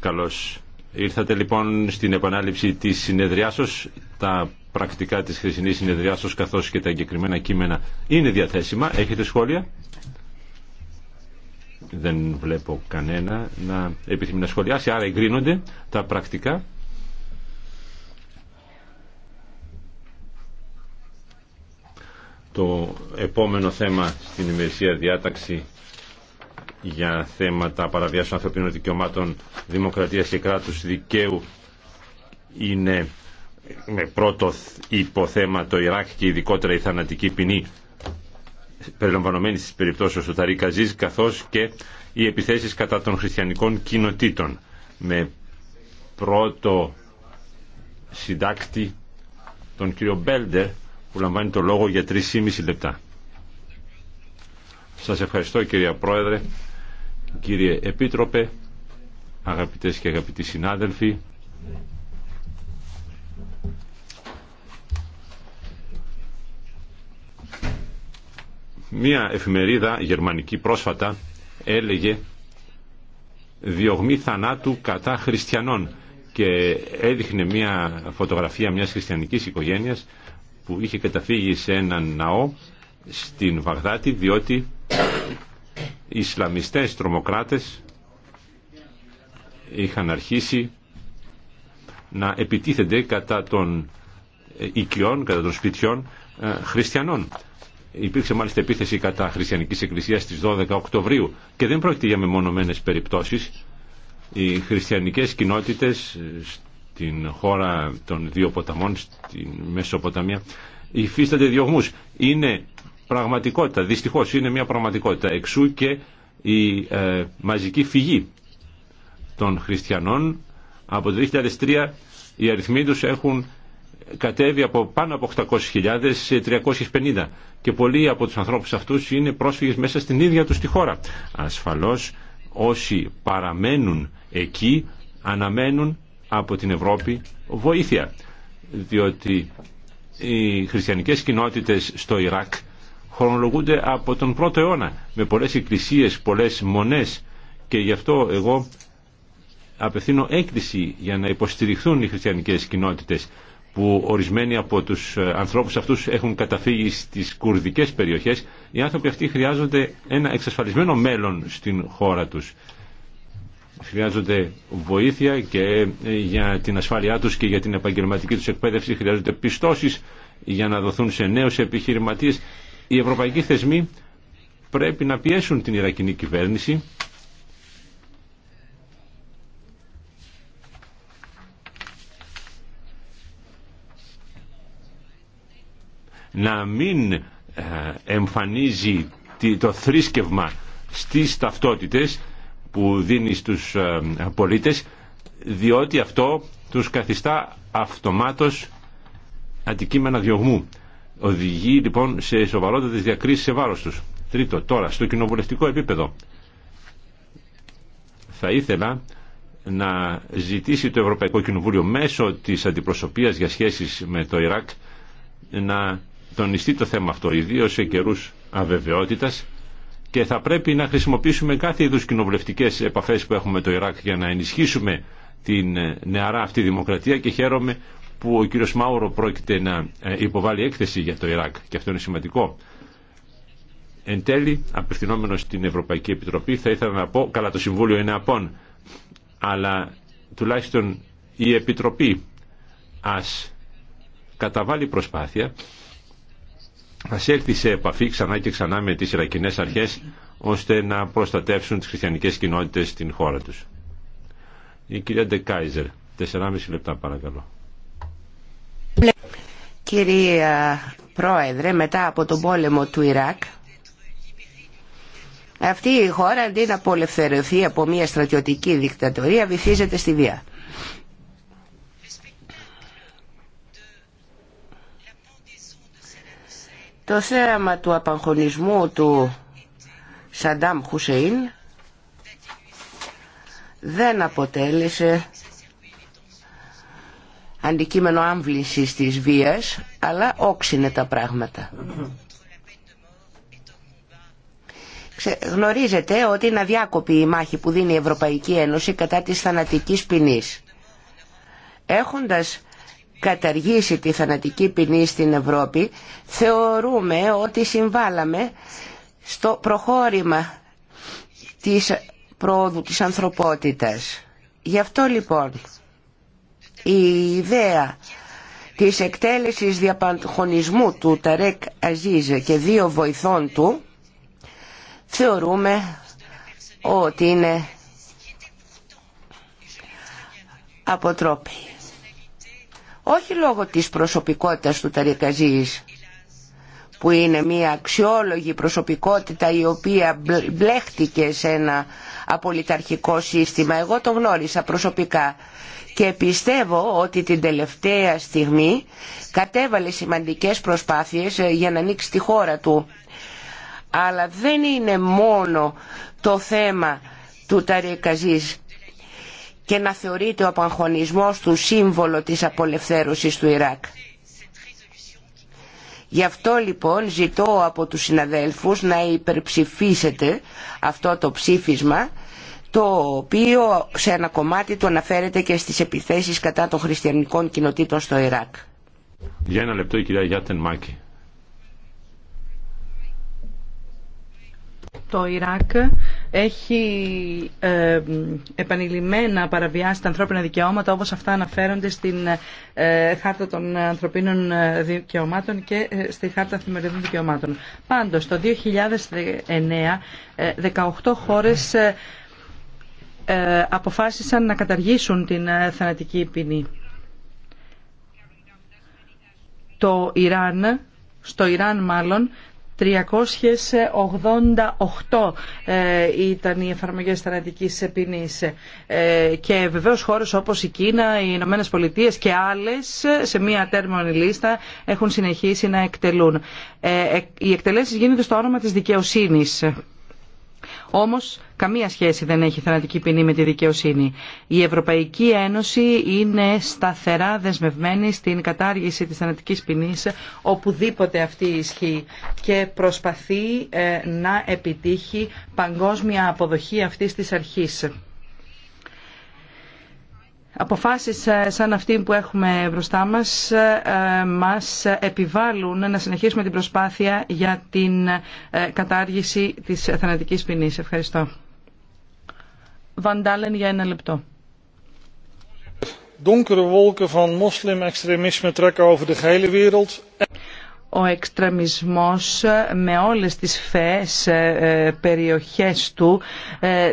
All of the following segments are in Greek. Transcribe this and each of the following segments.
Καλώς ήρθατε λοιπόν στην επανάληψη της συνεδριάσεως. Τα πρακτικά της χρησινής συνεδριάσεως καθώς και τα εγκεκριμένα κείμενα είναι διαθέσιμα. Έχετε σχόλια. Δεν βλέπω κανένα να επιθυμεί να σχολιάσει, άρα εγκρίνονται τα πρακτικά. Το επόμενο θέμα στην ημερησία διάταξη για θέματα παραβιάσεων ανθρωπίνων δικαιωμάτων, δημοκρατίας και κράτους δικαίου είναι με πρώτο υποθέμα το Ιράκ και ειδικότερα η θανατική ποινή περιλαμβανομένη στις περιπτώσεις του Ταρί Καζίζ, καθώς και οι επιθέσεις κατά των χριστιανικών κοινοτήτων, με πρώτο συντάκτη τον κύριο Μπέλντερ, που λαμβάνει το λόγο για 3,5 λεπτά. Σας ευχαριστώ κύριε Πρόεδρε, κύριε Επίτροπε, αγαπητές και αγαπητοί συνάδελφοι, Μία εφημερίδα γερμανική πρόσφατα έλεγε διωγμή θανάτου κατά χριστιανών και έδειχνε μια φωτογραφία μιας χριστιανικής οικογένειας που είχε καταφύγει σε έναν ναό στην Βαγδάτη διότι οι Ισλαμιστές τρομοκράτες είχαν αρχίσει να επιτίθενται κατά των οικειών, κατά των σπιτιών ε, χριστιανών. Υπήρξε μάλιστα επίθεση κατά Χριστιανικής Εκκλησίας στις 12 Οκτωβρίου και δεν πρόκειται για μεμονωμένε περιπτώσεις. Οι χριστιανικές κοινότητες ε, στην χώρα των δύο ποταμών, στη Μεσοποταμία, υφίστανται διωγμού. Είναι πραγματικότητα, δυστυχώς είναι μια πραγματικότητα. Εξού και η ε, μαζική φυγή των χριστιανών. Από το 2003 οι αριθμοί τους έχουν κατέβει από πάνω από 800.000 σε 350 και πολλοί από τους ανθρώπους αυτούς είναι πρόσφυγες μέσα στην ίδια τους τη χώρα. Ασφαλώς όσοι παραμένουν εκεί αναμένουν από την Ευρώπη βοήθεια διότι οι χριστιανικές κοινότητες στο Ιράκ χρονολογούνται από τον πρώτο αιώνα με πολλές εκκλησίες, πολλές μονές και γι' αυτό εγώ απευθύνω έκκληση για να υποστηριχθούν οι χριστιανικές κοινότητες που ορισμένοι από τους ε, ανθρώπους αυτούς έχουν καταφύγει στις κουρδικές περιοχές, οι άνθρωποι αυτοί χρειάζονται ένα εξασφαλισμένο μέλλον στην χώρα τους. Χρειάζονται βοήθεια και ε, για την ασφάλειά τους και για την επαγγελματική τους εκπαίδευση, χρειάζονται πιστώσεις για να δοθούν σε νέους επιχειρηματίες. Οι ευρωπαϊκοί θεσμοί πρέπει να πιέσουν την Ιρακινή κυβέρνηση να μην ε, εμφανίζει το θρήσκευμα στις ταυτότητες που δίνει στους ε, πολίτες διότι αυτό τους καθιστά αυτομάτως αντικείμενα διωγμού. Οδηγεί λοιπόν σε σοβαρότερες διακρίσεις σε βάρος τους. Τρίτο, τώρα, στο κοινοβουλευτικό επίπεδο θα ήθελα να ζητήσει το Ευρωπαϊκό Κοινοβούλιο μέσω της αντιπροσωπείας για σχέσεις με το Ιράκ να τονιστεί το θέμα αυτό, ιδίω σε καιρού αβεβαιότητα και θα πρέπει να χρησιμοποιήσουμε κάθε είδου κοινοβουλευτικέ επαφέ που έχουμε με το Ιράκ για να ενισχύσουμε την ε, νεαρά αυτή δημοκρατία και χαίρομαι που ο κύριος Μάουρο πρόκειται να ε, υποβάλει έκθεση για το Ιράκ και αυτό είναι σημαντικό. Εν τέλει, απευθυνόμενο στην Ευρωπαϊκή Επιτροπή, θα ήθελα να πω, καλά το Συμβούλιο είναι απόν, αλλά τουλάχιστον η Επιτροπή ας καταβάλει προσπάθεια Α έρθει σε επαφή ξανά και ξανά με τις Ιρακινές αρχές ώστε να προστατεύσουν τις χριστιανικές κοινότητες στην χώρα τους. Η κυρία Ντεκάιζερ, 4,5 λεπτά παρακαλώ. Κυρία Πρόεδρε, μετά από τον πόλεμο του Ιράκ, αυτή η χώρα αντί να απολευθερωθεί από μια στρατιωτική δικτατορία βυθίζεται στη βία. Το θέαμα του απαγχωνισμού του Σαντάμ Χουσέιν δεν αποτέλεσε αντικείμενο άμβλησης της βίας, αλλά όξινε τα πράγματα. Ξε, γνωρίζετε ότι είναι αδιάκοπη η μάχη που δίνει η Ευρωπαϊκή Ένωση κατά της θανατικής ποινής. Έχοντας καταργήσει τη θανατική ποινή στην Ευρώπη θεωρούμε ότι συμβάλαμε στο προχώρημα της πρόοδου της ανθρωπότητας. Γι' αυτό λοιπόν η ιδέα της εκτέλεσης διαπαντχονισμού του Ταρέκ Αζίζε και δύο βοηθών του θεωρούμε ότι είναι αποτρόπη όχι λόγω της προσωπικότητας του Ταρικαζής που είναι μια αξιόλογη προσωπικότητα η οποία μπλέχτηκε σε ένα απολυταρχικό σύστημα. Εγώ το γνώρισα προσωπικά και πιστεύω ότι την τελευταία στιγμή κατέβαλε σημαντικές προσπάθειες ε, για να ανοίξει τη χώρα του. Αλλά δεν είναι μόνο το θέμα του Ταρικαζής και να θεωρείται ο απαγχωνισμός του σύμβολο της απολευθέρωσης του Ιράκ. Γι' αυτό λοιπόν ζητώ από τους συναδέλφους να υπερψηφίσετε αυτό το ψήφισμα το οποίο σε ένα κομμάτι του αναφέρεται και στις επιθέσεις κατά των χριστιανικών κοινοτήτων στο Ιράκ. Για ένα λεπτό η κυρία το Ιράκ έχει ε, επανειλημμένα παραβιάσει τα ανθρώπινα δικαιώματα όπως αυτά αναφέρονται στην ε, Χάρτα των Ανθρωπίνων ε, Δικαιωμάτων και ε, στη Χάρτα Θημεριδών Δικαιωμάτων. Πάντως, το 2009 18 χώρες αποφάσισαν να καταργήσουν την θανατική ποινή. Το Ιράν, στο Ιράν μάλλον, 388 ε, ήταν οι εφαρμογές θανατικής ποινής ε, και βεβαίως χώρες όπως η Κίνα, οι Ηνωμένε Πολιτείε και άλλες σε μία τέρμανη λίστα έχουν συνεχίσει να εκτελούν. Ε, οι εκτελέσεις γίνονται στο όνομα της δικαιοσύνης. Όμως καμία σχέση δεν έχει θανατική ποινή με τη δικαιοσύνη. Η Ευρωπαϊκή Ένωση είναι σταθερά δεσμευμένη στην κατάργηση της θανατική ποινή οπουδήποτε αυτή ισχύει και προσπαθεί ε, να επιτύχει παγκόσμια αποδοχή αυτής της αρχής. Αποφάσεις ε, σαν αυτή που έχουμε μπροστά μας ε, μας επιβάλλουν να συνεχίσουμε την προσπάθεια για την ε, κατάργηση της θανατικής ποινής. Ευχαριστώ. Βαντάλεν για ένα λεπτό. Donkere wolken van moslim-extremisme trekken over de gehele wereld ο εξτρεμισμός με όλες τις φαίες περιοχές του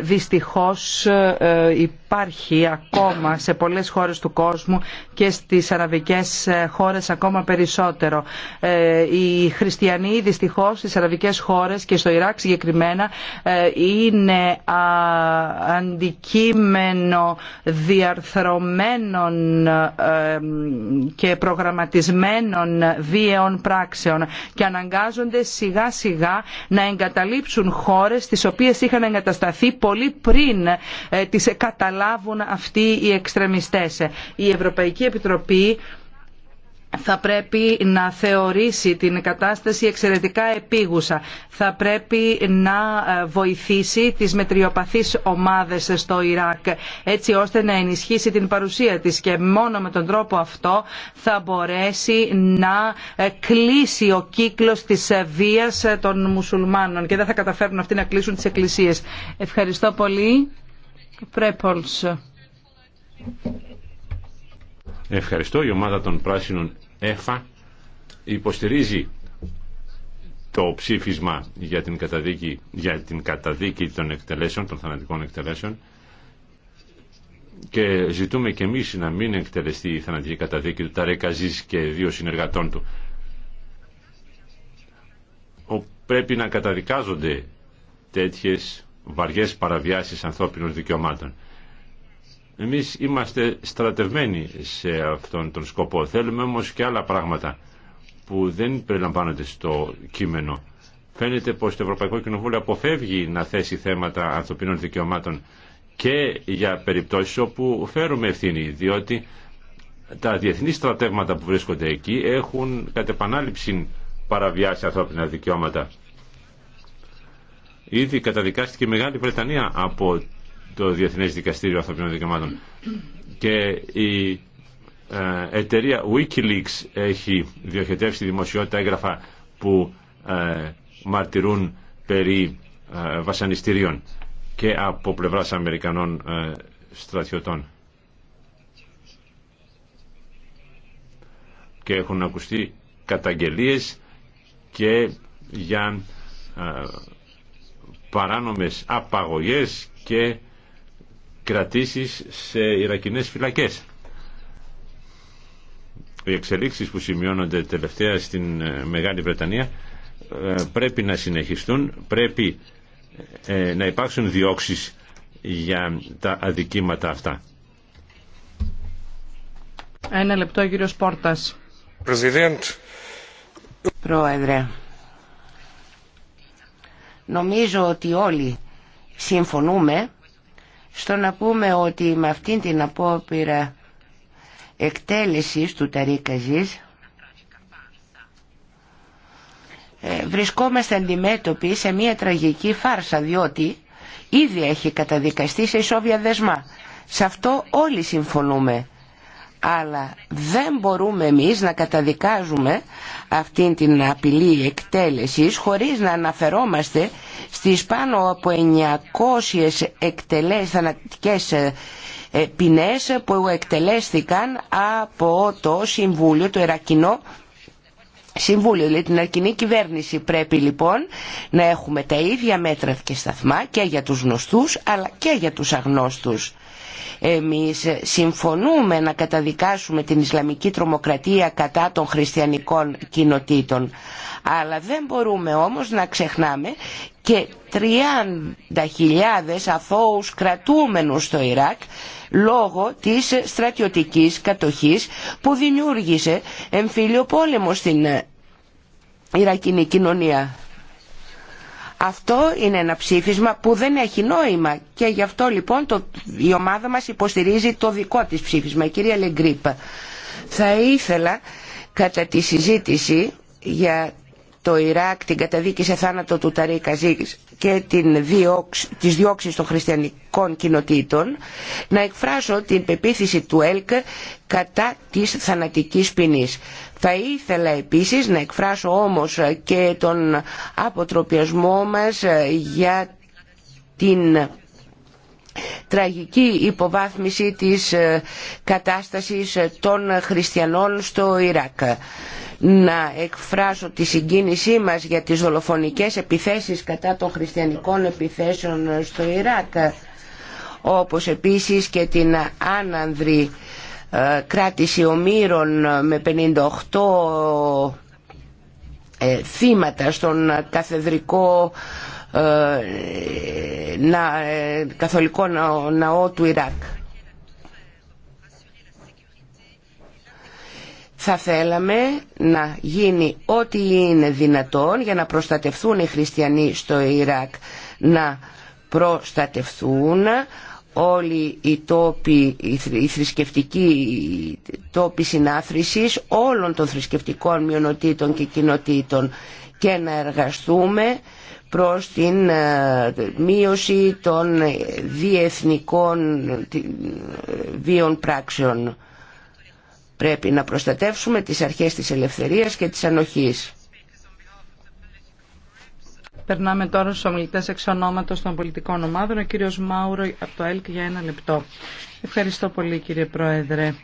δυστυχώς υπάρχει ακόμα σε πολλές χώρες του κόσμου και στις αραβικές ε, χώρες ακόμα περισσότερο. Ε, οι χριστιανοί δυστυχώς στις αραβικές χώρες και στο Ιράκ συγκεκριμένα ε, είναι αντικείμενο διαρθρωμένων και προγραμματισμένων βίαιων πράξεων και αναγκάζονται σιγά σιγά να εγκαταλείψουν χώρες τις οποίες είχαν εγκατασταθεί πολύ πριν τις καταλάβουν αναλάβουν αυτοί οι εξτρεμιστές. Η Ευρωπαϊκή Επιτροπή θα πρέπει να θεωρήσει την κατάσταση εξαιρετικά επίγουσα. Θα πρέπει να βοηθήσει τις μετριοπαθείς ομάδες στο Ιράκ έτσι ώστε να ενισχύσει την παρουσία της και μόνο με τον τρόπο αυτό θα μπορέσει να κλείσει ο κύκλος της βίας των μουσουλμάνων και δεν θα καταφέρουν αυτοί να κλείσουν τις εκκλησίες. Ευχαριστώ πολύ. Ευχαριστώ. Η ομάδα των πράσινων ΕΦΑ υποστηρίζει το ψήφισμα για την καταδίκη, για την καταδίκη των εκτελέσεων, των θανατικών εκτελέσεων και ζητούμε και εμείς να μην εκτελεστεί η θανατική καταδίκη του Ταρέκα Ζής και δύο συνεργατών του. Ο, πρέπει να καταδικάζονται τέτοιες βαριές παραβιάσεις ανθρώπινων δικαιωμάτων. Εμείς είμαστε στρατευμένοι σε αυτόν τον σκοπό. Θέλουμε όμως και άλλα πράγματα που δεν περιλαμβάνονται στο κείμενο. Φαίνεται πως το Ευρωπαϊκό Κοινοβούλιο αποφεύγει να θέσει θέματα ανθρωπίνων δικαιωμάτων και για περιπτώσεις όπου φέρουμε ευθύνη, διότι τα διεθνή στρατεύματα που βρίσκονται εκεί έχουν κατ' επανάληψη παραβιάσει ανθρώπινα δικαιώματα. Ήδη καταδικάστηκε η Μεγάλη Βρετανία από το Διεθνές Δικαστήριο Ανθρωπίνων Δικαιωμάτων. Και η ε, εταιρεία Wikileaks έχει διοχετεύσει δημοσιότητα έγγραφα που ε, μαρτυρούν περί ε, βασανιστήριων και από πλευράς Αμερικανών στρατιωτών. Και έχουν ακουστεί καταγγελίες και για παράνομες απαγωγές και κρατήσεις σε Ιρακινές φυλακές. Οι εξελίξεις που σημειώνονται τελευταία στην ε, Μεγάλη Βρετανία ε, πρέπει να συνεχιστούν, πρέπει ε, να υπάρξουν διώξεις για τα αδικήματα αυτά. Ένα λεπτό, κύριος Πόρτας. Πρόεδρε, Νομίζω ότι όλοι συμφωνούμε στο να πούμε ότι με αυτήν την απόπειρα εκτέλεσης του Ταρίκαζης ε, βρισκόμαστε αντιμέτωποι σε μια τραγική φάρσα διότι ήδη έχει καταδικαστεί σε ισόβια δεσμά. Σε αυτό όλοι συμφωνούμε αλλά δεν μπορούμε εμείς να καταδικάζουμε αυτήν την απειλή εκτέλεσης χωρίς να αναφερόμαστε στις πάνω από 900 εκτελές, θανατικές ε, ε, ποινές που εκτελέστηκαν από το Συμβούλιο, το Ερακινό Συμβούλιο, δηλαδή την αρκινή κυβέρνηση πρέπει λοιπόν να έχουμε τα ίδια μέτρα και σταθμά και για τους γνωστούς αλλά και για τους αγνώστους εμείς συμφωνούμε να καταδικάσουμε την Ισλαμική τρομοκρατία κατά των χριστιανικών κοινοτήτων. Αλλά δεν μπορούμε όμως να ξεχνάμε και 30.000 αθώους κρατούμενους στο Ιράκ λόγω της στρατιωτικής κατοχής που δημιούργησε εμφύλιο πόλεμο στην Ιρακινή κοινωνία. Αυτό είναι ένα ψήφισμα που δεν έχει νόημα και γι' αυτό λοιπόν το, η ομάδα μας υποστηρίζει το δικό της ψήφισμα. Η κυρία Λεγκρίπα. θα ήθελα κατά τη συζήτηση για το Ιράκ, την καταδίκη σε θάνατο του Ταρή Καζίκης και την διώξη, τις διώξεις των χριστιανικών κοινοτήτων να εκφράσω την πεποίθηση του ΕΛΚ κατά της θανατικής ποινής. Θα ήθελα επίσης να εκφράσω όμως και τον αποτροπιασμό μας για την τραγική υποβάθμιση της κατάστασης των χριστιανών στο Ιράκ. Να εκφράσω τη συγκίνησή μας για τις δολοφονικές επιθέσεις κατά των χριστιανικών επιθέσεων στο Ιράκ, όπως επίσης και την άνανδρη κράτηση ομήρων με 58 ε, θύματα στον καθεδρικό ε, να, ε, καθολικό ναό του Ιράκ. Θα θέλαμε να γίνει ό,τι είναι δυνατόν για να προστατευθούν οι χριστιανοί στο Ιράκ, να προστατευθούν όλοι οι τόποι, οι θρησκευτικοί τόποι συνάθρησης όλων των θρησκευτικών μειονοτήτων και κοινοτήτων και να εργαστούμε προς την ε, μείωση των διεθνικών βίων πράξεων. Πρέπει να προστατεύσουμε τις αρχές της ελευθερίας και της ανοχής. Περνάμε τώρα στου ομιλητέ εξ ονόματο των πολιτικών ομάδων. Ο κύριο Μάουρο από το ΕΛΚ για ένα λεπτό. Ευχαριστώ πολύ κύριε Πρόεδρε.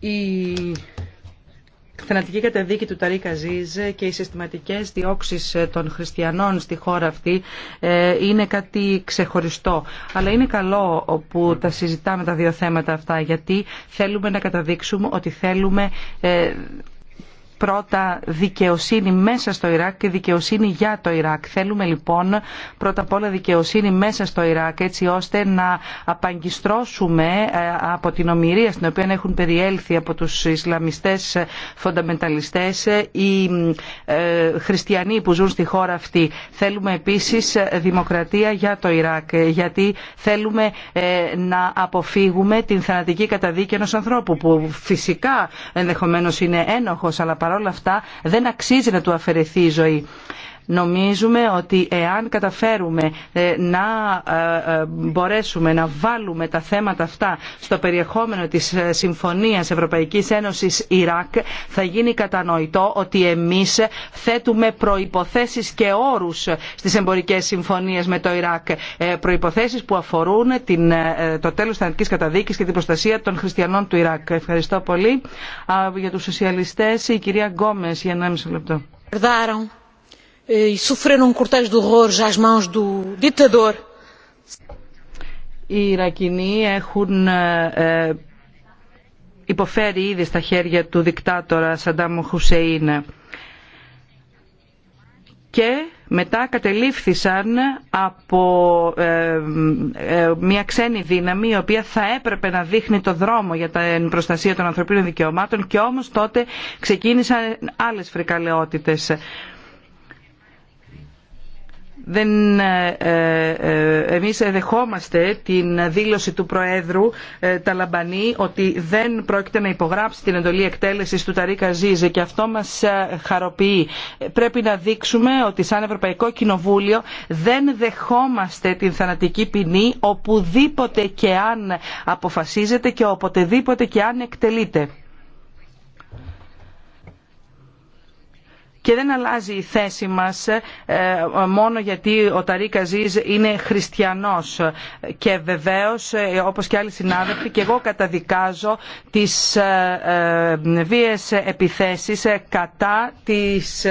Η θανατική καταδίκη του Ταρίκα Καζίζ και οι συστηματικές διώξεις ε, των χριστιανών στη χώρα αυτή ε, είναι κάτι ξεχωριστό. Αλλά είναι καλό που τα συζητάμε τα δύο θέματα αυτά γιατί θέλουμε να καταδείξουμε ότι θέλουμε ε, πρώτα δικαιοσύνη μέσα στο Ιράκ και δικαιοσύνη για το Ιράκ. Θέλουμε λοιπόν πρώτα απ' όλα δικαιοσύνη μέσα στο Ιράκ έτσι ώστε να απαγκιστρώσουμε ε, από την ομοιρία στην οποία έχουν περιέλθει από τους Ισλαμιστές φονταμενταλιστές ε, οι ε, χριστιανοί που ζουν στη χώρα αυτή. Θέλουμε επίσης δημοκρατία για το Ιράκ γιατί θέλουμε να αποφύγουμε την θανατική καταδίκη ενός ανθρώπου που φυσικά ενδεχομένως είναι ένοχος αλλά Όλα αυτά δεν αξίζει να του αφαιρεθεί η ζωή. Νομίζουμε ότι εάν καταφέρουμε ε, να ε, ε, μπορέσουμε να βάλουμε τα θέματα αυτά στο περιεχόμενο της Συμφωνίας Ευρωπαϊκής Ένωσης Ιράκ θα γίνει κατανοητό ότι εμείς θέτουμε προϋποθέσεις και όρους στις εμπορικές συμφωνίες με το Ιράκ. Προϋποθέσεις που αφορούν την, το τέλος θανατικής καταδίκης και την προστασία των χριστιανών του Ιράκ. Ευχαριστώ πολύ. Για τους σοσιαλιστές η κυρία Γκόμες για 1,5 λεπτό e sofreram um cortejo de horrores às mãos do ditador. Οι Ιρακινοί έχουν ε, ε, υποφέρει ήδη στα χέρια του δικτάτορα Σαντάμ Χουσέιν και μετά κατελήφθησαν από ε, ε, μια ξένη δύναμη η οποία θα έπρεπε να δείχνει το δρόμο για την προστασία των ανθρωπίνων δικαιωμάτων και όμως τότε ξεκίνησαν άλλες φρικαλαιότητες δεν, ε, ε, ε, εμείς δεχόμαστε την δήλωση του Προέδρου Ταλαμπανή ότι δεν πρόκειται να υπογράψει την εντολή εκτέλεσης του Ταρίκα Ζίζε και αυτό μας χαροποιεί. Πρέπει να δείξουμε ότι σαν Ευρωπαϊκό Κοινοβούλιο δεν δεχόμαστε την θανατική ποινή οπουδήποτε και αν αποφασίζεται και οποτεδήποτε και αν εκτελείται. και δεν αλλάζει η θέση μας ε, μόνο γιατί ο Ταρίκα είναι χριστιανός και βεβαίως ε, όπως και άλλοι συνάδελφοι και εγώ καταδικάζω τις ε, βίες επιθέσεις κατά της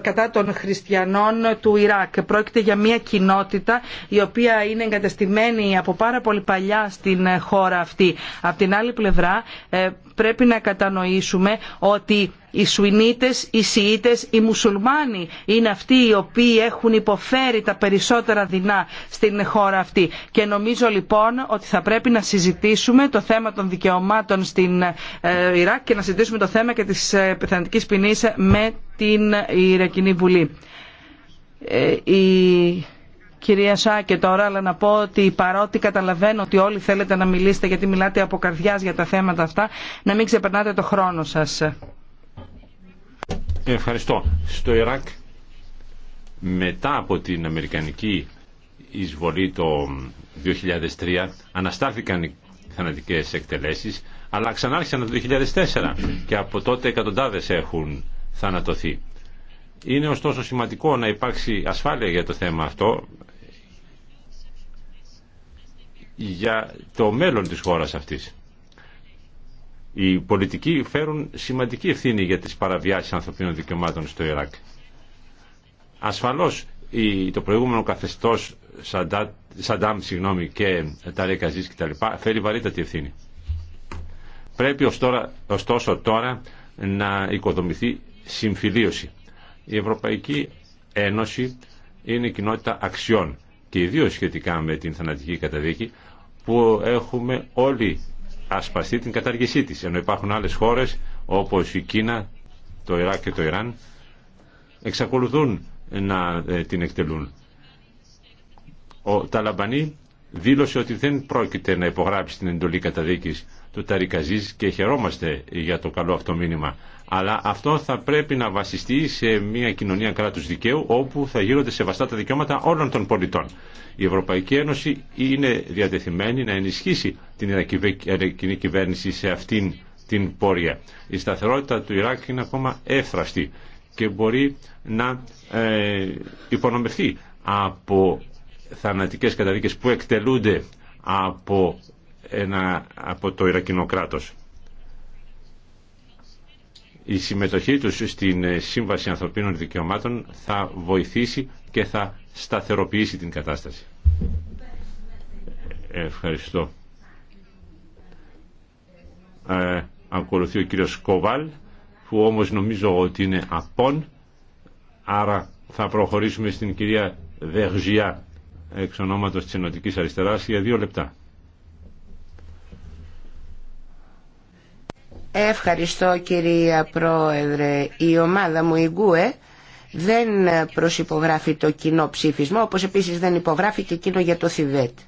κατά των χριστιανών του Ιράκ. Πρόκειται για μια κοινότητα η οποία είναι εγκατεστημένη από πάρα πολύ παλιά στην χώρα αυτή. Απ' την άλλη πλευρά ε, πρέπει να κατανοήσουμε ότι οι Σουινίτες, οι Σιήτες, οι Μουσουλμάνοι είναι αυτοί οι οποίοι έχουν υποφέρει τα περισσότερα δεινά στην χώρα αυτή. Και νομίζω λοιπόν ότι θα πρέπει να συζητήσουμε το θέμα των δικαιωμάτων στην ε, Ιράκ και να συζητήσουμε το θέμα και της ε, πιθανικής ποινής με την Ιρακινή Βουλή. Ε, η κυρία Σάκε τώρα, αλλά να πω ότι παρότι καταλαβαίνω ότι όλοι θέλετε να μιλήσετε γιατί μιλάτε από καρδιάς για τα θέματα αυτά, να μην ξεπερνάτε το χρόνο σας. Ευχαριστώ. Στο Ιράκ μετά από την Αμερικανική εισβολή το 2003 αναστάθηκαν οι θανατικές εκτελέσεις αλλά ξανάρχισαν το 2004 και από τότε εκατοντάδες έχουν θανατωθεί. Είναι ωστόσο σημαντικό να υπάρξει ασφάλεια για το θέμα αυτό για το μέλλον της χώρας αυτής. Οι πολιτικοί φέρουν σημαντική ευθύνη για τις παραβιάσεις ανθρωπίνων δικαιωμάτων στο Ιράκ. Ασφαλώς το προηγούμενο καθεστώς Σαντάμ συγγνώμη, και τα Ρεκαζής και τα φέρει βαρύτατη ευθύνη. Πρέπει ωστόσο τώρα να οικοδομηθεί συμφιλίωση. Η Ευρωπαϊκή Ένωση είναι κοινότητα αξιών και ιδίως σχετικά με την θανατική καταδίκη που έχουμε όλοι ασπαστεί την καταργησή της ενώ υπάρχουν άλλες χώρες όπως η Κίνα, το Ιράκ και το Ιράν εξακολουθούν να ε, την εκτελούν. Ο Ταλαμπανί δήλωσε ότι δεν πρόκειται να υπογράψει την εντολή καταδίκης του Ταρικαζής και χαιρόμαστε για το καλό αυτό μήνυμα. Αλλά αυτό θα πρέπει να βασιστεί σε μια κοινωνία κράτους δικαίου όπου θα γίνονται σεβαστά τα δικαιώματα όλων των πολιτών. Η Ευρωπαϊκή Ένωση είναι διατεθειμένη να ενισχύσει την Ιρακινή κυβέρνηση σε αυτήν την πορεία. Η σταθερότητα του Ιράκ είναι ακόμα εύθραστη και μπορεί να ε, υπονομευθεί από θανατικές καταδίκες που εκτελούνται από, ένα, από το Ιρακινό κράτος. Η συμμετοχή τους στην Σύμβαση Ανθρωπίνων Δικαιωμάτων θα βοηθήσει και θα σταθεροποιήσει την κατάσταση. Ευχαριστώ. Ε, ακολουθεί ο κύριος Κοβάλ που όμως νομίζω ότι είναι απόν άρα θα προχωρήσουμε στην κυρία Δεχζιά εξ ονόματος της Ενωτικής Αριστεράς για δύο λεπτά. Ευχαριστώ κυρία Πρόεδρε. Η ομάδα μου η Γκουε δεν προσυπογράφει το κοινό ψήφισμα όπως επίσης δεν υπογράφει και εκείνο για το Θιβέτ.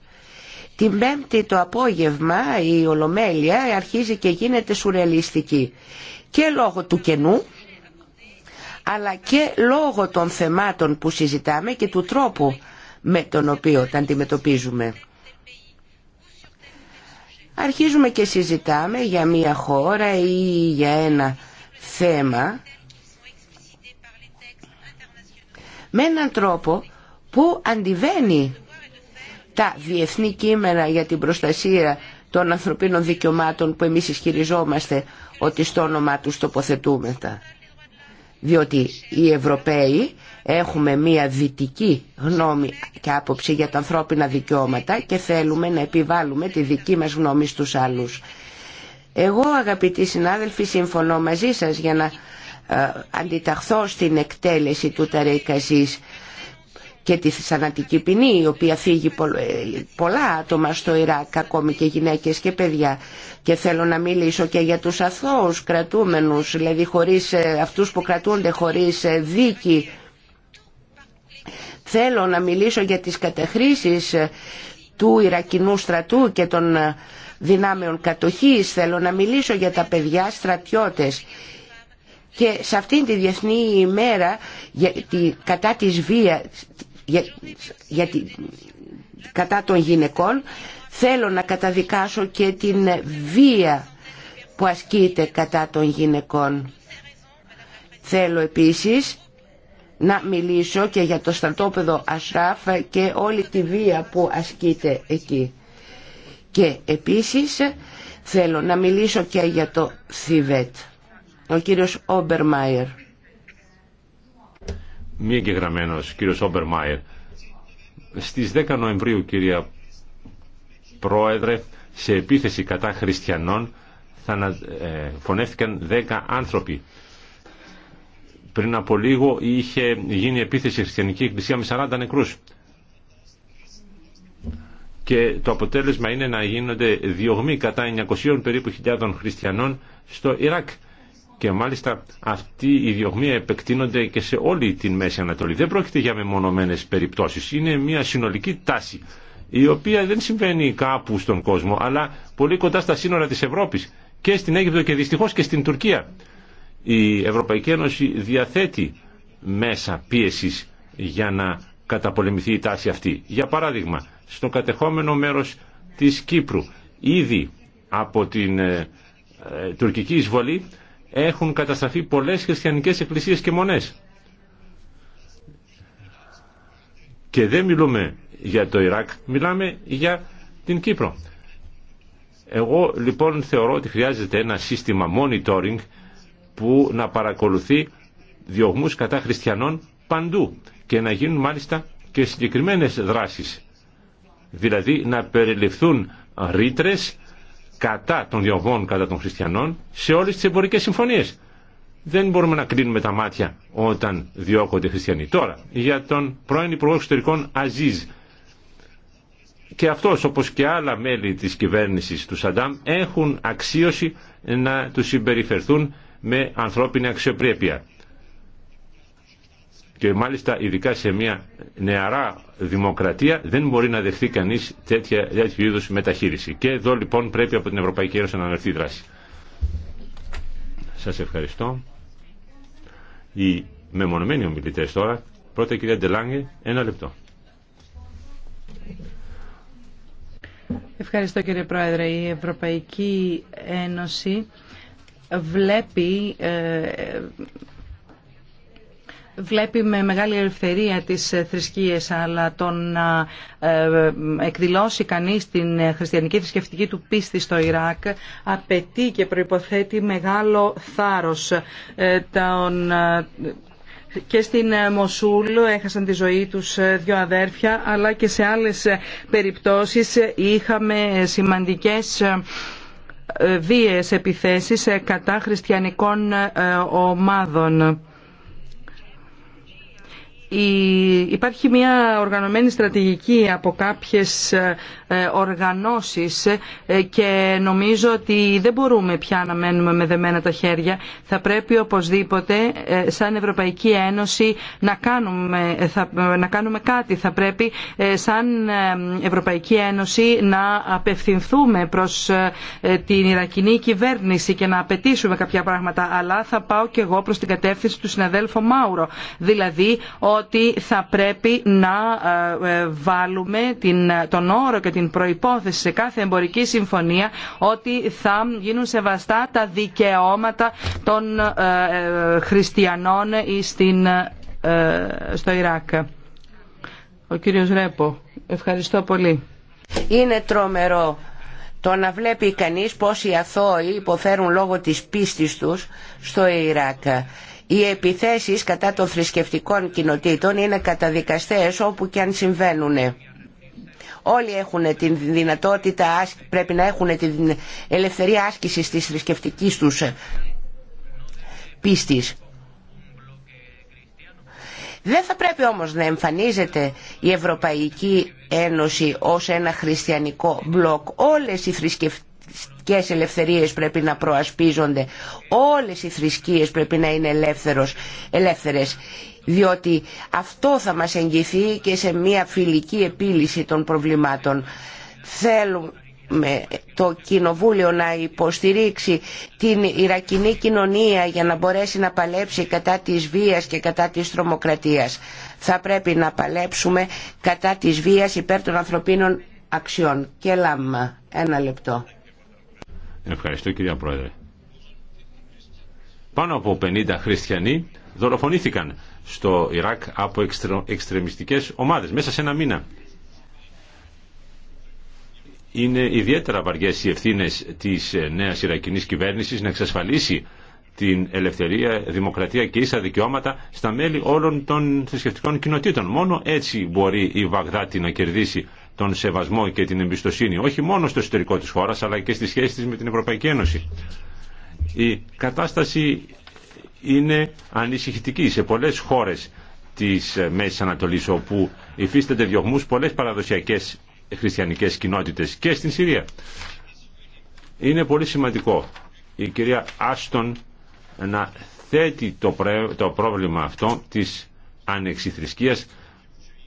Την πέμπτη το απόγευμα η Ολομέλεια αρχίζει και γίνεται σουρεαλιστική και λόγω του κενού αλλά και λόγω των θεμάτων που συζητάμε και του τρόπου με τον οποίο τα αντιμετωπίζουμε. Αρχίζουμε και συζητάμε για μία χώρα ή για ένα θέμα με έναν τρόπο που αντιβαίνει τα διεθνή κείμενα για την προστασία των ανθρωπίνων δικαιωμάτων που εμείς ισχυριζόμαστε ότι στο όνομά τους τοποθετούμε τα. Διότι οι Ευρωπαίοι Έχουμε μία δυτική γνώμη και άποψη για τα ανθρώπινα δικαιώματα και θέλουμε να επιβάλλουμε τη δική μας γνώμη στους άλλους. Εγώ αγαπητοί συνάδελφοι συμφωνώ μαζί σας για να ε, αντιταχθώ στην εκτέλεση του Ταρέικαζής και τη θανατική ποινή η οποία φύγει ε, πολλά άτομα στο Ιράκ ακόμη και γυναίκες και παιδιά και θέλω να μιλήσω και για τους αθώους κρατούμενους δηλαδή χωρίς, ε, αυτούς που κρατούνται χωρίς δίκη θέλω να μιλήσω για τις κατεχρήσεις ε, του Ιρακινού στρατού και των ε, δυνάμεων κατοχής, θέλω να μιλήσω για τα παιδιά στρατιώτες. Και σε αυτήν τη διεθνή ημέρα για τη, κατά της βία, για, τη, κατά των γυναικών, θέλω να καταδικάσω και την βία που ασκείται κατά των γυναικών. Θέλω επίσης να μιλήσω και για το στρατόπεδο Ασράφ και όλη τη βία που ασκείται εκεί. Και επίσης θέλω να μιλήσω και για το Θιβέτ. Ο κύριος Όμπερ Μάιερ. Μη εγγεγραμμένος κύριος Όμπερ Στις 10 Νοεμβρίου κυρία Πρόεδρε, σε επίθεση κατά χριστιανών θα ε, φωνεύτηκαν 10 άνθρωποι πριν από λίγο είχε γίνει επίθεση χριστιανική εκκλησία με 40 νεκρούς. Και το αποτέλεσμα είναι να γίνονται διωγμοί κατά 900 περίπου χιλιάδων χριστιανών στο Ιράκ. Και μάλιστα αυτοί οι διωγμοί επεκτείνονται και σε όλη την Μέση Ανατολή. Δεν πρόκειται για μεμονωμένες περιπτώσεις. Είναι μια συνολική τάση η οποία δεν συμβαίνει κάπου στον κόσμο αλλά πολύ κοντά στα σύνορα της Ευρώπης και στην Αίγυπτο και δυστυχώς και στην Τουρκία. Η Ευρωπαϊκή Ένωση διαθέτει μέσα πίεσης για να καταπολεμηθεί η τάση αυτή. Για παράδειγμα, στο κατεχόμενο μέρος της Κύπρου, ήδη από την ε, ε, τουρκική εισβολή έχουν καταστραφεί πολλές χριστιανικές εκκλησίες και μονές. Και δεν μιλούμε για το Ιράκ, μιλάμε για την Κύπρο. Εγώ λοιπόν θεωρώ ότι χρειάζεται ένα σύστημα monitoring που να παρακολουθεί διωγμούς κατά χριστιανών παντού και να γίνουν μάλιστα και συγκεκριμένες δράσεις. Δηλαδή να περιληφθούν ρήτρε κατά των διωγμών κατά των χριστιανών σε όλες τις εμπορικές συμφωνίες. Δεν μπορούμε να κλείνουμε τα μάτια όταν διώκονται χριστιανοί. Τώρα, για τον πρώην Υπουργό Εξωτερικών Αζίζ. Και αυτός, όπως και άλλα μέλη της κυβέρνησης του Σαντάμ, έχουν αξίωση να του συμπεριφερθούν με ανθρώπινη αξιοπρέπεια. Και μάλιστα ειδικά σε μια νεαρά δημοκρατία δεν μπορεί να δεχθεί κανείς τέτοια, τέτοιου είδου μεταχείριση. Και εδώ λοιπόν πρέπει από την Ευρωπαϊκή Ένωση να αναλυθεί δράση. Σας ευχαριστώ. Οι μεμονωμένοι ομιλητές τώρα. Πρώτα κυρία Ντελάνγκε, ένα λεπτό. Ευχαριστώ κύριε Πρόεδρε. Η Ευρωπαϊκή Ένωση βλέπει ε, βλέπει με μεγάλη ελευθερία τις θρησκείες αλλά το να ε, εκδηλώσει κανείς την χριστιανική θρησκευτική του πίστη στο Ιράκ απαιτεί και προϋποθέτει μεγάλο θάρρος ε, τον και στην Μοσούλ έχασαν τη ζωή τους δύο αδέρφια αλλά και σε άλλες περιπτώσεις είχαμε σημαντικές ε, βίαιες επιθέσεις ε, κατά χριστιανικών ε, ομάδων. Υπάρχει μια οργανωμένη στρατηγική από κάποιες ε, ε, οργανώσεις ε, και νομίζω ότι δεν μπορούμε πια να μένουμε με δεμένα τα χέρια. Θα πρέπει οπωσδήποτε σαν Ευρωπαϊκή Ένωση να κάνουμε, να κάνουμε κάτι. Θα πρέπει σαν Ευρωπαϊκή Ένωση να απευθυνθούμε προς την Ιρακινή κυβέρνηση και να απαιτήσουμε κάποια πράγματα. Αλλά θα πάω και εγώ προς την κατεύθυνση του συναδέλφου Μάουρο. Δηλαδή ότι θα πρέπει να ε, βάλουμε τον όρο και την προϋπόθεση σε κάθε εμπορική συμφωνία ότι θα γίνουν σεβαστά τα δικαιώματα των ε, ε, χριστιανών στο Ιράκ. Ο κύριος Ρέπο, ευχαριστώ πολύ. Είναι τρομερό το να βλέπει κανείς πως οι αθώοι υποφέρουν λόγω της πίστης τους στο Ιράκ. Οι επιθέσεις κατά των θρησκευτικών κοινοτήτων είναι καταδικαστές όπου και αν συμβαίνουν. Όλοι έχουν την δυνατότητα, πρέπει να έχουν την ελευθερία άσκησης της θρησκευτικής τους πίστης. Δεν θα πρέπει όμως να εμφανίζεται η Ευρωπαϊκή Ένωση ως ένα χριστιανικό μπλοκ. Όλες οι θρησκευτικές θρησκευτικές ελευθερίες πρέπει να προασπίζονται. Όλες οι θρησκείες πρέπει να είναι ελεύθερος, ελεύθερες διότι αυτό θα μας εγγυθεί και σε μια φιλική επίλυση των προβλημάτων. Θέλουμε το Κοινοβούλιο να υποστηρίξει την Ιρακινή κοινωνία για να μπορέσει να παλέψει κατά της βίας και κατά της τρομοκρατίας. Θα πρέπει να παλέψουμε κατά της βίας υπέρ των ανθρωπίνων αξιών. Και λάμμα. Ένα λεπτό. Ευχαριστώ κυρία Πρόεδρε. Πάνω από 50 χριστιανοί δολοφονήθηκαν στο Ιράκ από εξτρεμιστικές ομάδες μέσα σε ένα μήνα. Είναι ιδιαίτερα βαριές οι ευθύνες της ε, νέας Ιρακινής κυβέρνησης να εξασφαλίσει την ελευθερία, δημοκρατία και ίσα δικαιώματα στα μέλη όλων των θρησκευτικών κοινοτήτων. Μόνο έτσι μπορεί η Βαγδάτη να κερδίσει τον σεβασμό και την εμπιστοσύνη όχι μόνο στο εσωτερικό της χώρας αλλά και στις σχέσεις της με την Ευρωπαϊκή Ένωση. Η κατάσταση είναι ανησυχητική σε πολλές χώρες της Μέσης Ανατολής όπου υφίστανται διωγμούς πολλές παραδοσιακές χριστιανικές κοινότητες και στην Συρία. Είναι πολύ σημαντικό η κυρία Άστον να θέτει το, πρόβλημα αυτό της ανεξιθρησκείας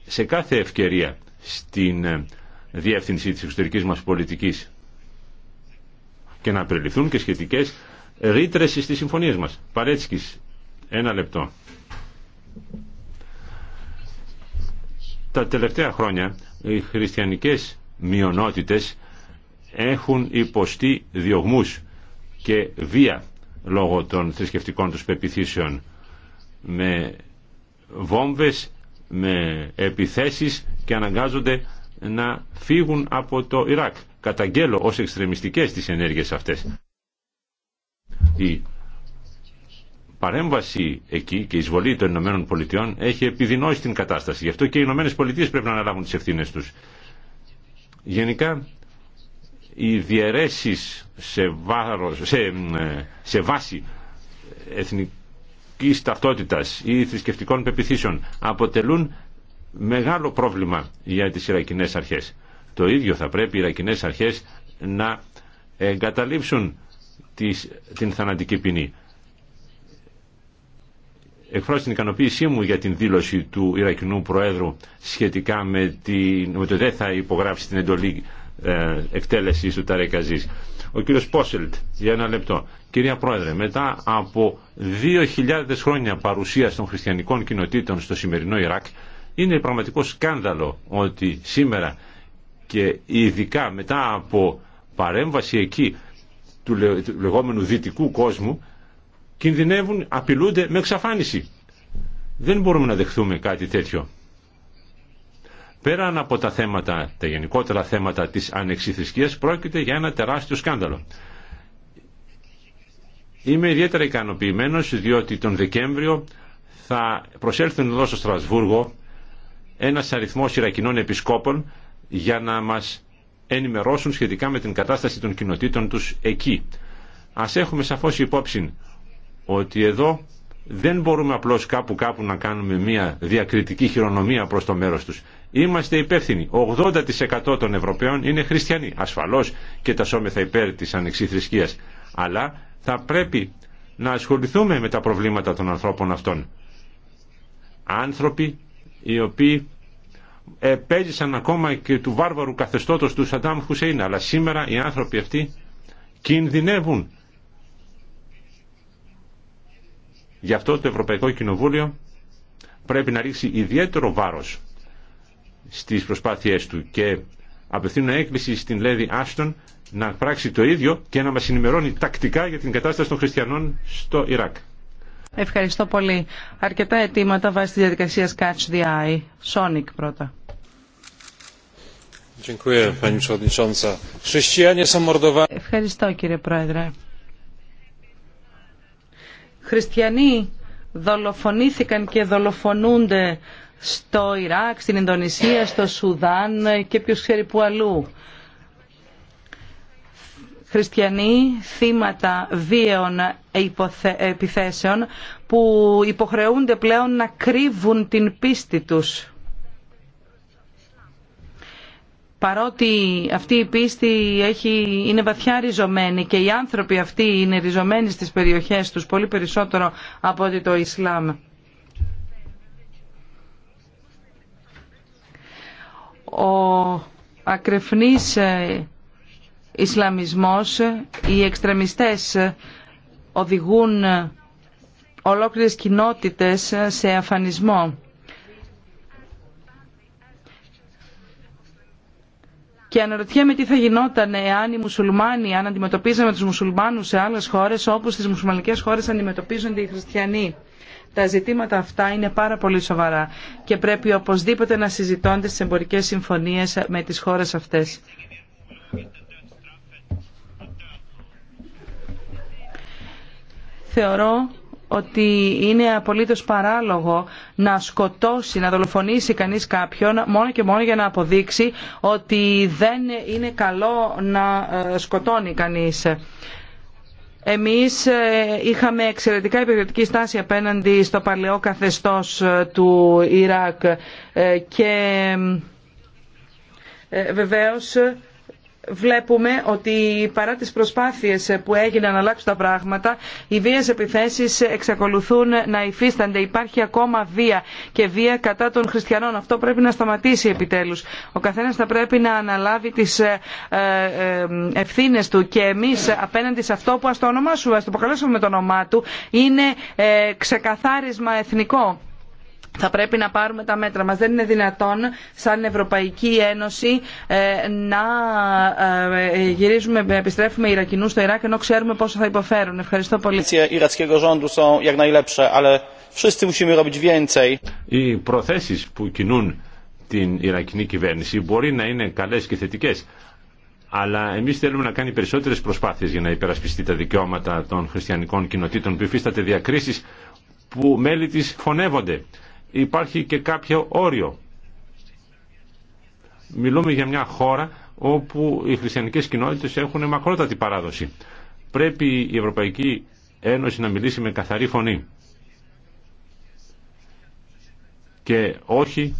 σε κάθε ευκαιρία στην ε, διεύθυνση της εξωτερικής μας πολιτικής και να περιληφθούν και σχετικές ρήτρε στις συμφωνίες μας. Παρέτσκης, ένα λεπτό. Τα τελευταία χρόνια οι χριστιανικές μειονότητες έχουν υποστεί διωγμούς και βία λόγω των θρησκευτικών τους πεπιθήσεων με βόμβες με επιθέσεις και αναγκάζονται να φύγουν από το Ιράκ. Καταγγέλλω ως εξτρεμιστικές τις ενέργειες αυτές. Η παρέμβαση εκεί και η εισβολή των Ηνωμένων Πολιτειών έχει επιδεινώσει την κατάσταση. Γι' αυτό και οι Ηνωμένες Πολιτείες πρέπει να αναλάβουν τις ευθύνες τους. Γενικά, οι διαιρέσεις σε, βάρος, σε, ε, σε βάση εθνική θρησκευτική ταυτότητα ή θρησκευτικών πεπιθήσεων αποτελούν μεγάλο πρόβλημα για τις ιρακινέ αρχές. Το ίδιο θα πρέπει οι Ιρακινές αρχές να εγκαταλείψουν την θανατική ποινή. Εκφράζω την ικανοποίησή μου για την δήλωση του Ιρακινού Προέδρου σχετικά με, την, με το δεν θα υπογράψει την εντολή ε, Εκτέλεση του Ταρεκαζή. Ο κύριος Πόσελτ, για ένα λεπτό. Κυρία Πρόεδρε, μετά από 2.000 χρόνια παρουσίας των χριστιανικών κοινοτήτων στο σημερινό Ιράκ, είναι πραγματικό σκάνδαλο ότι σήμερα και ειδικά μετά από παρέμβαση εκεί του λεγόμενου δυτικού κόσμου, κινδυνεύουν, απειλούνται με εξαφάνιση. Δεν μπορούμε να δεχθούμε κάτι τέτοιο. Πέραν από τα θέματα, τα γενικότερα θέματα της ανεξιθρησκείας πρόκειται για ένα τεράστιο σκάνδαλο. Είμαι ιδιαίτερα ικανοποιημένος διότι τον Δεκέμβριο θα προσέλθουν εδώ στο Στρασβούργο ένας αριθμός Ιρακινών επισκόπων για να μας ενημερώσουν σχετικά με την κατάσταση των κοινοτήτων τους εκεί. Ας έχουμε σαφώς υπόψη ότι εδώ δεν μπορούμε απλώς κάπου κάπου να κάνουμε μια διακριτική χειρονομία προς το μέρος τους. Είμαστε υπεύθυνοι. 80% των Ευρωπαίων είναι χριστιανοί. Ασφαλώς και τα σώμεθα υπέρ της ανεξιθρησκείας. Αλλά θα πρέπει να ασχοληθούμε με τα προβλήματα των ανθρώπων αυτών. Άνθρωποι οι οποίοι επέζησαν ακόμα και του βάρβαρου καθεστώτος του Σαντάμ Χουσέιν. Αλλά σήμερα οι άνθρωποι αυτοί κινδυνεύουν Γι' αυτό το Ευρωπαϊκό Κοινοβούλιο πρέπει να ρίξει ιδιαίτερο βάρος στις προσπάθειές του και απευθύνω έκκληση στην Λέδη Άστον να πράξει το ίδιο και να μας ενημερώνει τακτικά για την κατάσταση των χριστιανών στο Ιράκ. Ευχαριστώ πολύ. Αρκετά αιτήματα βάσει τη διαδικασία Catch the Eye. Σόνικ πρώτα. Ευχαριστώ κύριε Πρόεδρε χριστιανοί δολοφονήθηκαν και δολοφονούνται στο Ιράκ, στην Ινδονησία, στο Σουδάν και ποιος ξέρει που αλλού. Χριστιανοί θύματα βίαιων επιθέσεων που υποχρεούνται πλέον να κρύβουν την πίστη τους. παρότι αυτή η πίστη έχει, είναι βαθιά ριζωμένη και οι άνθρωποι αυτοί είναι ριζωμένοι στις περιοχές τους πολύ περισσότερο από ότι το Ισλάμ. Ο ακρεφνής ε, Ισλαμισμός, οι εξτρεμιστές οδηγούν ε, ολόκληρες κοινότητες ε, σε αφανισμό. Και αναρωτιέμαι τι θα γινόταν εάν οι μουσουλμάνοι, αν αντιμετωπίζαμε τους μουσουλμάνους σε άλλες χώρες όπως στις μουσουλμανικές χώρες αντιμετωπίζονται οι χριστιανοί. Τα ζητήματα αυτά είναι πάρα πολύ σοβαρά και πρέπει οπωσδήποτε να συζητώνται στις εμπορικές συμφωνίες με τις χώρες αυτές. Θεωρώ ότι είναι απολύτως παράλογο να σκοτώσει, να δολοφονήσει κανείς κάποιον μόνο και μόνο για να αποδείξει ότι δεν είναι καλό να ε, σκοτώνει κανείς. Εμείς ε, είχαμε εξαιρετικά υπηρετική στάση απέναντι στο παλαιό καθεστώς ε, του Ιράκ και βεβαίως βλέπουμε ότι παρά τις προσπάθειες που έγιναν να αλλάξουν τα πράγματα, οι βίες επιθέσεις εξακολουθούν να υφίστανται. Υπάρχει ακόμα βία και βία κατά των χριστιανών. Αυτό πρέπει να σταματήσει επιτέλους. Ο καθένας θα πρέπει να αναλάβει τις ε, ε, ευθύνες του και εμείς απέναντι σε αυτό που ας το ονομάσουμε, ας το με το όνομά του, είναι ε, ξεκαθάρισμα εθνικό θα πρέπει να πάρουμε τα μέτρα μας. Δεν είναι δυνατόν σαν Ευρωπαϊκή Ένωση ε, να ε, γυρίζουμε, επιστρέφουμε Ιρακινούς στο Ιράκ ενώ ξέρουμε πόσο θα υποφέρουν. Ευχαριστώ πολύ. Οι προθέσεις που κινούν την Ιρακινή κυβέρνηση μπορεί να είναι καλές και θετικές αλλά εμείς θέλουμε να κάνει περισσότερες προσπάθειες για να υπερασπιστεί τα δικαιώματα των χριστιανικών κοινοτήτων που υφίσταται διακρίσεις που μέλη της φωνεύονται υπάρχει και κάποιο όριο. Μιλούμε για μια χώρα όπου οι χριστιανικές κοινότητες έχουν μακρότατη παράδοση. Πρέπει η Ευρωπαϊκή Ένωση να μιλήσει με καθαρή φωνή και όχι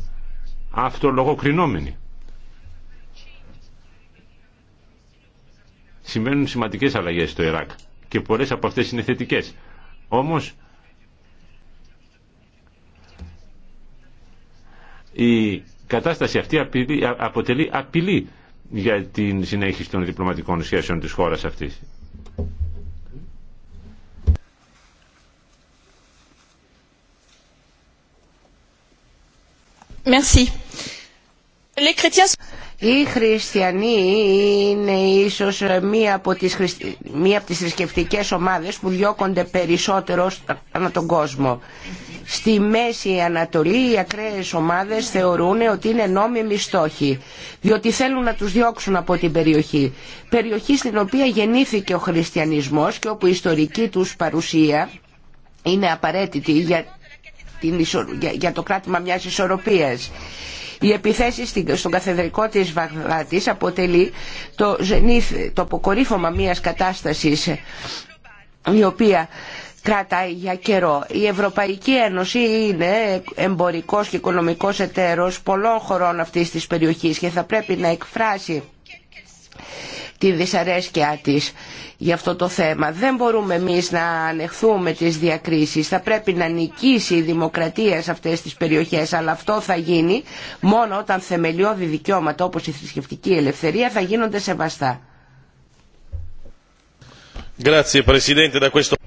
αυτολογοκρινόμενη. Σημαίνουν σημαντικές αλλαγές στο Ιράκ και πολλές από αυτές είναι θετικές. Όμως Η κατάσταση αυτή αποτελεί απειλή για την συνέχιση των διπλωματικών σχέσεων της χώρας αυτής. Merci. Οι χριστιανοί είναι ίσως μία από τις, χριστι... μία ομάδες που διώκονται περισσότερο ανά τον κόσμο. Στη Μέση Ανατολή οι ακραίες ομάδες θεωρούν ότι είναι νόμιμοι στόχοι, διότι θέλουν να τους διώξουν από την περιοχή. Περιοχή στην οποία γεννήθηκε ο χριστιανισμός και όπου η ιστορική τους παρουσία είναι απαραίτητη για, για το κράτημα μιας ισορροπίας. Η επιθέση στον καθεδρικό της Βαγδάτης αποτελεί το, το αποκορύφωμα μιας κατάστασης η οποία κρατάει για καιρό. Η Ευρωπαϊκή Ένωση είναι εμπορικός και οικονομικός εταίρος πολλών χωρών αυτής της περιοχής και θα πρέπει να εκφράσει τη δυσαρέσκειά της για αυτό το θέμα. Δεν μπορούμε εμείς να ανεχθούμε τις διακρίσεις. Θα πρέπει να νικήσει η δημοκρατία σε αυτές τις περιοχές, αλλά αυτό θα γίνει μόνο όταν θεμελιώδη δικαιώματα όπως η θρησκευτική ελευθερία θα γίνονται σεβαστά.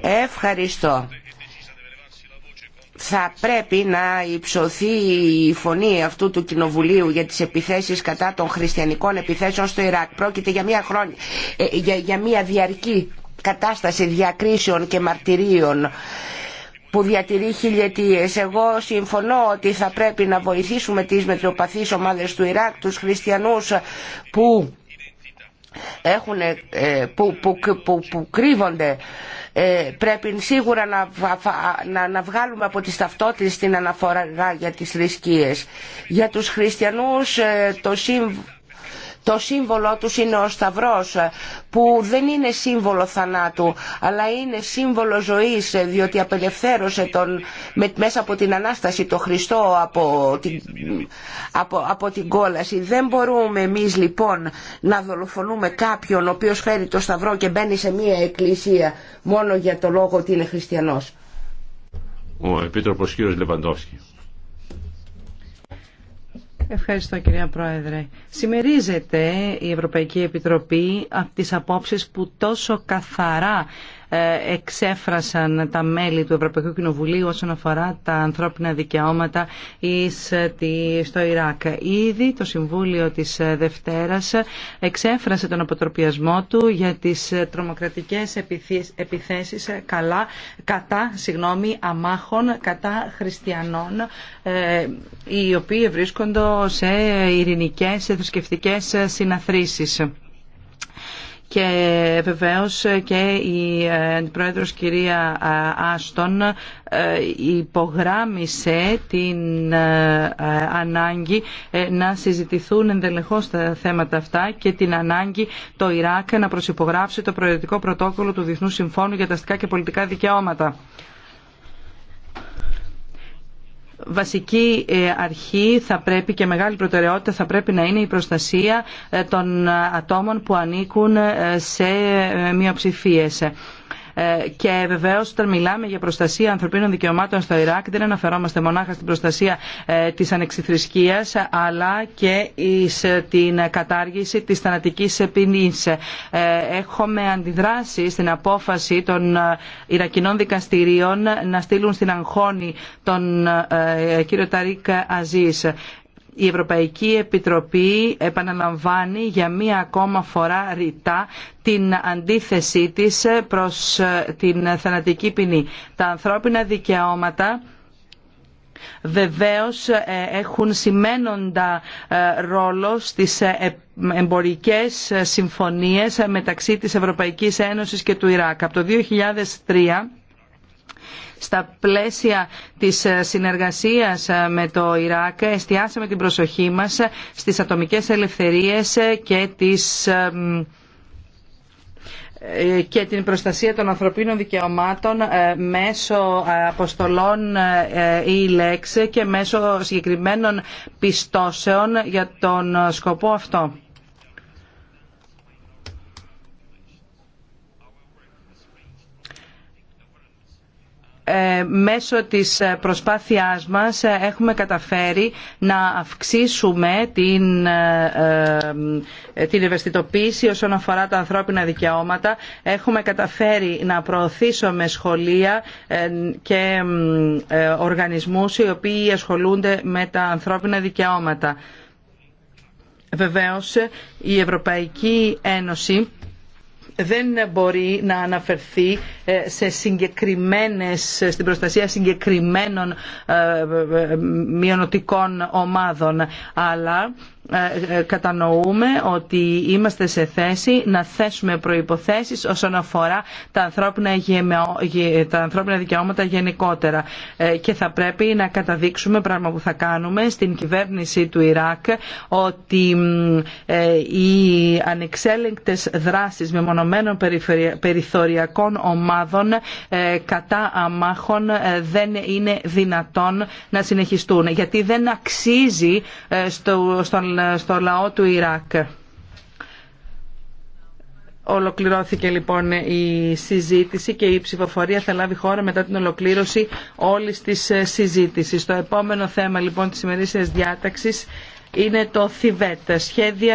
Ευχαριστώ. Θα πρέπει να υψωθεί η φωνή αυτού του Κοινοβουλίου για τις επιθέσεις κατά των χριστιανικών επιθέσεων στο Ιράκ. Πρόκειται για μια, ε, διαρκή κατάσταση διακρίσεων και μαρτυρίων που διατηρεί χιλιετίες. Εγώ συμφωνώ ότι θα πρέπει να βοηθήσουμε τις μετριοπαθείς ομάδες του Ιράκ, τους χριστιανούς που έχουν, ε, ε, που, που, που, που κρύβονται ε, πρέπει σίγουρα να, να, να βγάλουμε από τις ταυτότητες την αναφορά για τις θρησκείες. Για τους χριστιανούς το, σύμ, το σύμβολό τους είναι ο σταυρός που δεν είναι σύμβολο θανάτου αλλά είναι σύμβολο ζωής διότι απελευθέρωσε τον, μέσα από την Ανάσταση το Χριστό από την, από, την κόλαση. Δεν μπορούμε εμείς λοιπόν να δολοφονούμε κάποιον ο οποίος φέρει το σταυρό και μπαίνει σε μία εκκλησία μόνο για το λόγο ότι είναι χριστιανός. Ο Επίτροπος Ευχαριστώ κυρία Πρόεδρε. Σημερίζεται η Ευρωπαϊκή Επιτροπή από τις απόψεις που τόσο καθαρά ε, εξέφρασαν τα μέλη του Ευρωπαϊκού Κοινοβουλίου όσον αφορά τα ανθρώπινα δικαιώματα ε, στο Ιράκ. Ήδη το Συμβούλιο της ε, Δευτέρας εξέφρασε τον αποτροπιασμό του για τις τρομοκρατικές επιθέσεις καλά, κατά συγγνώμη, αμάχων, κατά χριστιανών οι οποίοι βρίσκονται σε ειρηνικές θρησκευτικέ συναθρήσεις και βεβαίως και η ε, Πρόεδρος κυρία ε, Άστον ε, υπογράμμισε την ανάγκη να συζητηθούν ενδελεχώς τα θέματα αυτά και την ανάγκη το Ιράκ να προσυπογράψει το προαιρετικό πρωτόκολλο του Διεθνού Συμφώνου για τα αστικά και πολιτικά δικαιώματα βασική ε, αρχή θα πρέπει και μεγάλη προτεραιότητα θα πρέπει να είναι η προστασία ε, των ατόμων που ανήκουν ε, σε μειοψηφίες. Ε, και βεβαίω όταν μιλάμε για προστασία ανθρωπίνων δικαιωμάτων στο Ιράκ δεν αναφερόμαστε μονάχα στην προστασία ε, τη ανεξιθρησκεία αλλά και ε, την κατάργηση τη θανατική ποινή. Έχουμε αντιδράσει στην απόφαση των Ιρακινών δικαστηρίων να στείλουν στην Αγχώνη τον κύριο Ταρίκ Αζής η Ευρωπαϊκή Επιτροπή επαναλαμβάνει για μία ακόμα φορά ρητά την αντίθεσή της προς ε, την θανατική ποινή. Τα ανθρώπινα δικαιώματα βεβαίως ε, έχουν σημαίνοντα ε, ρόλο στις εμπορικές συμφωνίες μεταξύ της Ευρωπαϊκής Ένωσης και του Ιράκ. Από το 2003 στα πλαίσια της ε, συνεργασίας ε, με το Ιράκ εστιάσαμε την προσοχή μας ε, στις ατομικές ελευθερίες και τις και την προστασία των ανθρωπίνων δικαιωμάτων μέσω ή λέξε και μέσω συγκεκριμένων πιστώσεων για τον σκοπό αυτό. Ε, μέσω της προσπάθειάς μας έχουμε καταφέρει να αυξήσουμε την, ε, ε, την ευαισθητοποίηση όσον αφορά τα ανθρώπινα δικαιώματα. Έχουμε καταφέρει να προωθήσουμε σχολεία και οργανισμούς οι οποίοι ασχολούνται με τα ανθρώπινα δικαιώματα. Βεβαίως η Ευρωπαϊκή Ένωση δεν μπορεί να αναφερθεί ε, σε συγκεκριμένες, στην προστασία συγκεκριμένων ε, μειονοτικών ομάδων αλλά ε, ε, κατανοούμε ότι είμαστε σε θέση να θέσουμε προϋποθέσεις όσον αφορά τα ανθρώπινα, τα ανθρώπινα δικαιώματα γενικότερα ε, και θα πρέπει να καταδείξουμε πράγμα που θα κάνουμε στην κυβέρνηση του Ιράκ ότι οι ανεξέλεγκτες δράσεις μεμονωμένων περιθωριακών ομάδων κατά αμάχων δεν είναι δυνατόν να συνεχιστούν γιατί δεν αξίζει στον ε, στο λαό του Ιράκ. Ολοκληρώθηκε λοιπόν η συζήτηση και η ψηφοφορία θα λάβει χώρα μετά την ολοκλήρωση όλης της ε, συζήτησης. Το επόμενο θέμα λοιπόν της σημερινής διάταξης είναι το Θιβέτ. Σχέδια